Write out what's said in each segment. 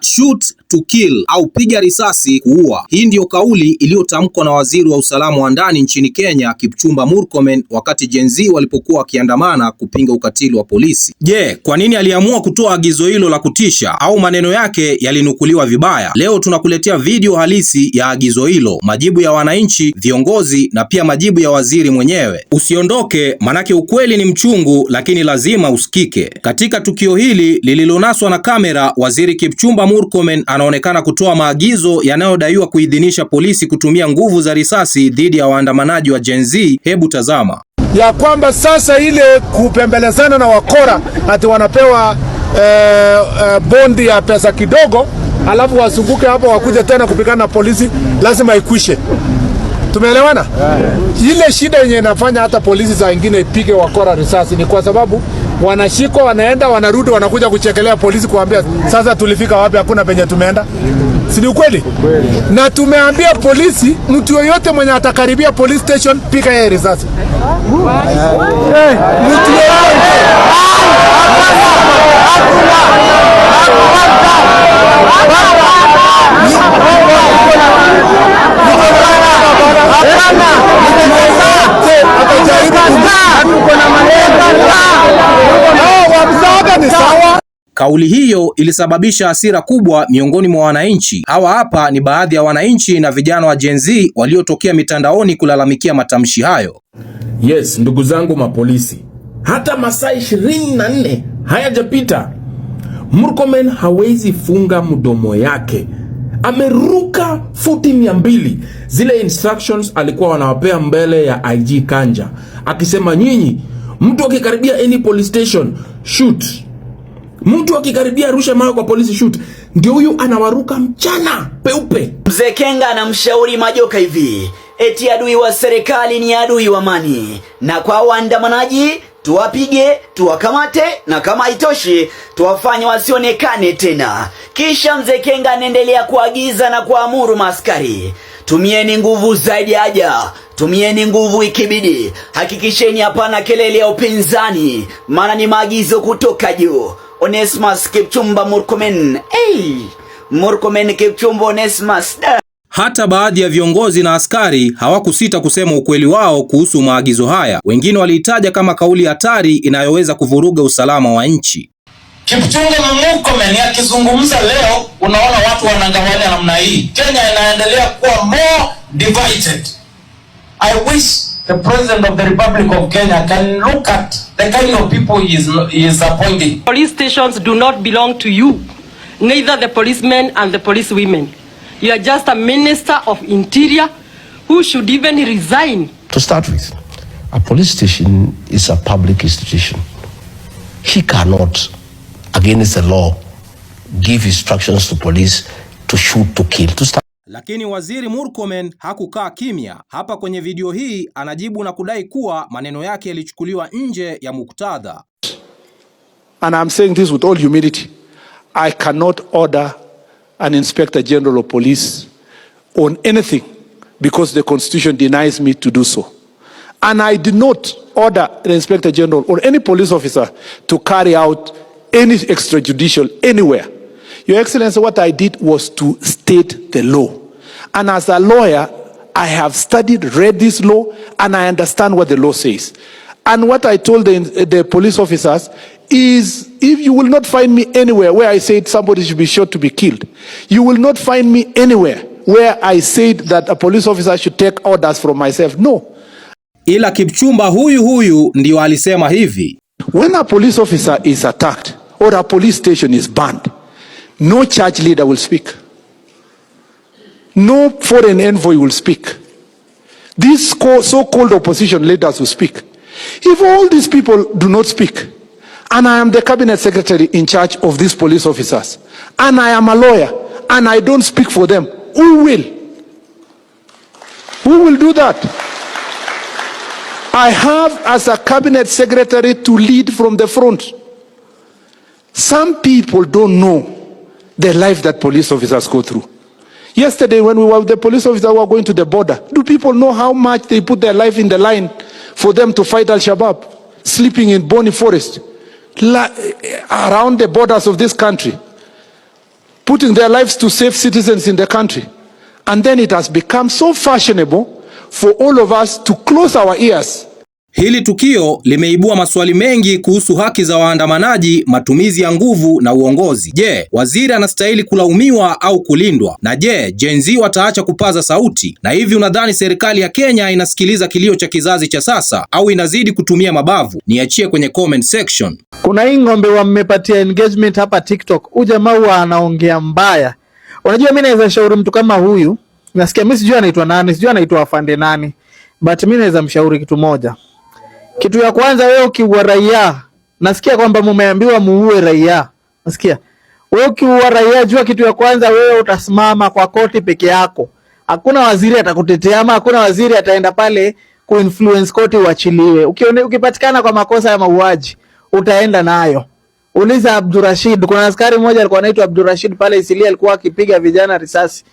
Shoot to kill au piga risasi kuua. Hii ndiyo kauli iliyotamkwa na waziri wa usalama wa ndani nchini Kenya Kipchumba Murkomen wakati Gen Z walipokuwa wakiandamana kupinga ukatili wa polisi. Je, kwa nini aliamua kutoa agizo hilo la kutisha au maneno yake yalinukuliwa vibaya? Leo tunakuletea video halisi ya agizo hilo, majibu ya wananchi, viongozi na pia majibu ya waziri mwenyewe. Usiondoke manake ukweli ni mchungu lakini lazima usikike. Katika tukio hili lililonaswa na kamera, waziri Kipchumba Murkomen anaonekana kutoa maagizo yanayodaiwa kuidhinisha polisi kutumia nguvu za risasi dhidi ya waandamanaji wa Gen Z. Hebu tazama ya kwamba sasa ile kupembelezana na wakora ati wanapewa eh, eh, bondi ya pesa kidogo, alafu wazunguke hapo wakuja tena kupigana na polisi, lazima ikwishe. Tumeelewana? Ile shida yenye inafanya hata polisi za ingine ipige wakora risasi ni kwa sababu wanashikwa, wanaenda, wanarudi, wanakuja kuchekelea polisi kuambia sasa tulifika wapi, hakuna penye tumeenda. Si ni ukweli? Na tumeambia polisi, mtu yoyote mwenye atakaribia police station, pika yeye risasi. Mtu yoyote Kauli hiyo ilisababisha hasira kubwa miongoni mwa wananchi. Hawa hapa ni baadhi ya wananchi na vijana wa Gen Z waliotokea mitandaoni kulalamikia matamshi hayo. Yes, ndugu zangu mapolisi, hata masaa ishirini na nne hayajapita Murkomen hawezi funga mdomo yake, ameruka futi mia mbili. Zile instructions alikuwa wanawapea mbele ya IG Kanja akisema, nyinyi mtu akikaribia any police station shoot Mtu akikaribia rusha mawe kwa polisi shoot, ndio huyu anawaruka mchana peupe. Mzee Kenga anamshauri Majoka hivi eti adui wa serikali ni adui wa amani, na kwa waandamanaji tuwapige, tuwakamate, na kama haitoshi tuwafanye wasionekane tena. Kisha mzee Kenga anaendelea kuagiza na kuamuru maaskari, tumieni nguvu zaidi haja tumieni nguvu ikibidi, hakikisheni hapana kelele ya upinzani, maana ni maagizo kutoka juu. Onesmus Kipchumba Murkomen. Hey, Murkomen Kipchumba Onesmus Hata baadhi ya viongozi na askari hawakusita kusema ukweli wao kuhusu maagizo haya. Wengine waliitaja kama kauli hatari inayoweza kuvuruga usalama wa nchi. Kipchumba na Murkomen akizungumza leo, unaona watu wanangawana namna hii. Kenya inaendelea kuwa more divided. I wish the president of the Republic of Kenya can look at the kind of people he is, he is appointing. Police stations do not belong to you, neither the policemen and the policewomen. You are just a minister of interior who should even resign. To start with, a police station is a public institution. He cannot, against the law, give instructions to police to shoot, to kill, to start. Lakini waziri Murkomen hakukaa kimya. Hapa kwenye video hii anajibu na kudai kuwa maneno yake yalichukuliwa nje ya muktadha. And I'm saying this with all humility. I cannot order an inspector general of police on anything because the constitution denies me to do so. And I did not order the inspector general or any police officer to carry out any extrajudicial anywhere. Your Excellency, what I did was to state the law. And as a lawyer, I have studied, read this law, and I understand what the law says. And what I told the, the police officers is if you will not find me anywhere where I said somebody should be shot to be killed, you will not find me anywhere where I said that a police officer should take orders from myself. No. Ila Kipchumba huyu huyu ndio alisema hivi. When a police officer is attacked or a police station is burned, No church leader will speak. No foreign envoy will speak. These so called opposition leaders will speak. If all these people do not speak, and I am the cabinet secretary in charge of these police officers, and I am a lawyer, and I don't speak for them, who will? Who will do that? I have as a cabinet secretary to lead from the front. Some people don't know the life that police officers go through. Yesterday, when we were the police officers were going to the border, do people know how much they put their life in the line for them to fight Al Shabaab, sleeping in Boni Forest, la- around the borders of this country, putting their lives to save citizens in the country? And then it has become so fashionable for all of us to close our ears Hili tukio limeibua maswali mengi kuhusu haki za waandamanaji, matumizi ya nguvu na uongozi. Je, waziri anastahili kulaumiwa au kulindwa? Na je, Gen Z wataacha kupaza sauti? Na hivi unadhani serikali ya Kenya inasikiliza kilio cha kizazi cha sasa au inazidi kutumia mabavu? Niachie kwenye comment section. Kuna hii ng'ombe wamepatia engagement hapa TikTok. Huyu jamaa anaongea mbaya. Unajua, mimi naweza shauri mtu kama huyu, nasikia mimi sijui anaitwa nani, sijui anaitwa afande nani, but mimi naweza mshauri kitu moja kitu ya kwanza wewe ukiua raia, nasikia kwamba mumeambiwa muue raia, nasikia wewe ukiua raia, jua kitu ya kwanza wewe utasimama kwa koti peke yako. Hakuna waziri atakutetea ama hakuna waziri ataenda pale kuinfluence koti uachiliwe. Ukipatikana kwa makosa ya mauaji utaenda nayo. Uliza Abdurashid, kuna askari mmoja alikuwa anaitwa Abdurashid pale Isilia, alikuwa akipiga vijana risasi.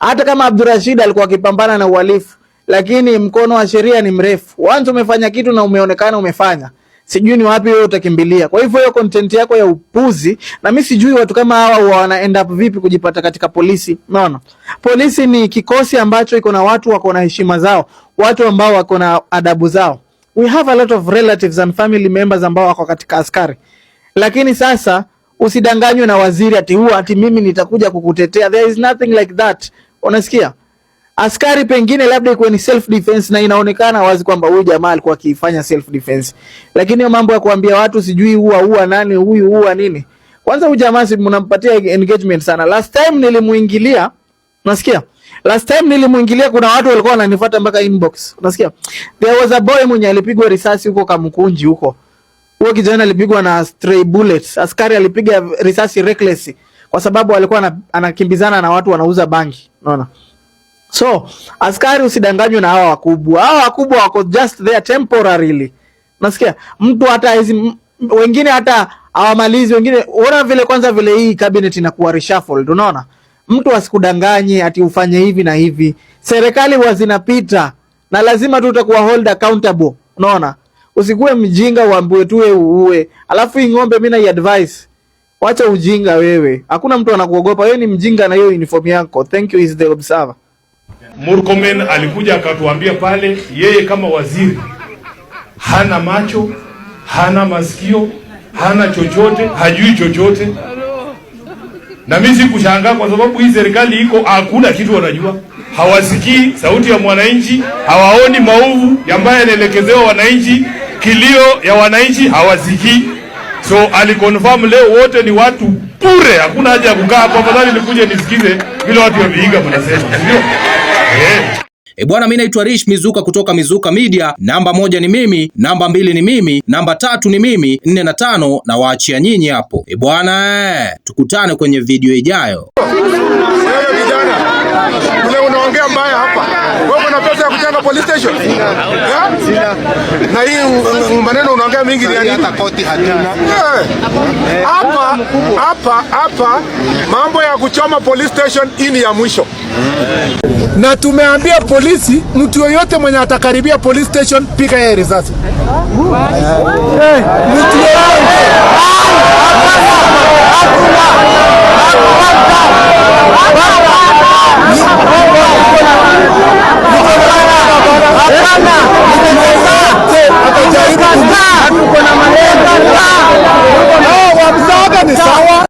Hata kama Abdurashid alikuwa akipambana na uhalifu lakini mkono wa sheria ni mrefu. Once umefanya kitu na umeonekana umefanya, sijui ni wapi wewe utakimbilia. Kwa hivyo hiyo content yako ya upuzi, na mimi sijui watu kama hawa wana end up vipi kujipata katika polisi. Unaona, polisi ni kikosi ambacho iko na watu wako na heshima zao, watu ambao wako na adabu zao. We have a lot of relatives and family members ambao wako katika askari, lakini sasa usidanganywe na waziri ati huwa ati mimi nitakuja kukutetea. There is nothing like that, unasikia? askari pengine labda ikuwe ni self defense, na inaonekana wazi kwamba huyu jamaa alikuwa akifanya self defense. Lakini hiyo mambo ya kuambia watu sijui huwa huwa nani huyu huwa nini, kwanza huyu jamaa si mnampatia engagement sana. Last time nilimuingilia, unasikia Last time nilimuingilia kuna watu walikuwa wananifuata mpaka inbox. Unasikia? There was a boy mwenye alipigwa risasi huko Kamkunji huko. Huyo kijana alipigwa na stray bullets, Askari alipiga risasi recklessly kwa sababu alikuwa anakimbizana na watu wanauza bangi. Unaona? So askari usidanganywe na hawa wakubwa. Hawa wakubwa wako just there temporarily, nasikia mtu hata hizi wengine hata hawamalizi wengine. Unaona vile kwanza vile hii cabinet inakuwa reshuffled, unaona mtu asikudanganye ati ufanye hivi na hivi. Serikali huwa zinapita na lazima tu utakuwa hold accountable, unaona. Usikuwe mjinga uambiwe tu wewe uue, alafu hii ng'ombe mimi na advice Wacha ujinga wewe, hakuna mtu anakuogopa wewe. Ni mjinga na hiyo uniform yako. Thank you is the observer. Murkomen alikuja akatuambia pale, yeye kama waziri hana macho, hana masikio, hana chochote, hajui chochote. Na mimi sikushangaa kwa sababu hii serikali iko, hakuna kitu wanajua, hawasikii sauti ya mwananchi, hawaoni maovu ambayo yanaelekezewa wananchi, kilio ya wananchi hawasikii. So aliconfirm leo wote ni watu bure, hakuna haja ya kukaa hapo. Afadhali nikuje nisikize vile watu wameiga, mnasema ndio. E bwana, mimi naitwa Rish Mizuka kutoka Mizuka Media. Namba moja ni mimi, namba mbili ni mimi, namba tatu ni mimi, nne na tano na waachia nyinyi hapo. E bwana, tukutane kwenye video ijayo. Wewe unaongea mbaya hapa. Wewe una pesa police station? Na hii maneno unaongea mingi ni hata koti hatuna. Eh. Eh. Hapa hapa hapa mambo ya kuchoma police station ini ya mwisho. Eh. Na tumeambia polisi, mtu yoyote mwenye atakaribia police station piga yeye risasi. Mtu yoyote ah!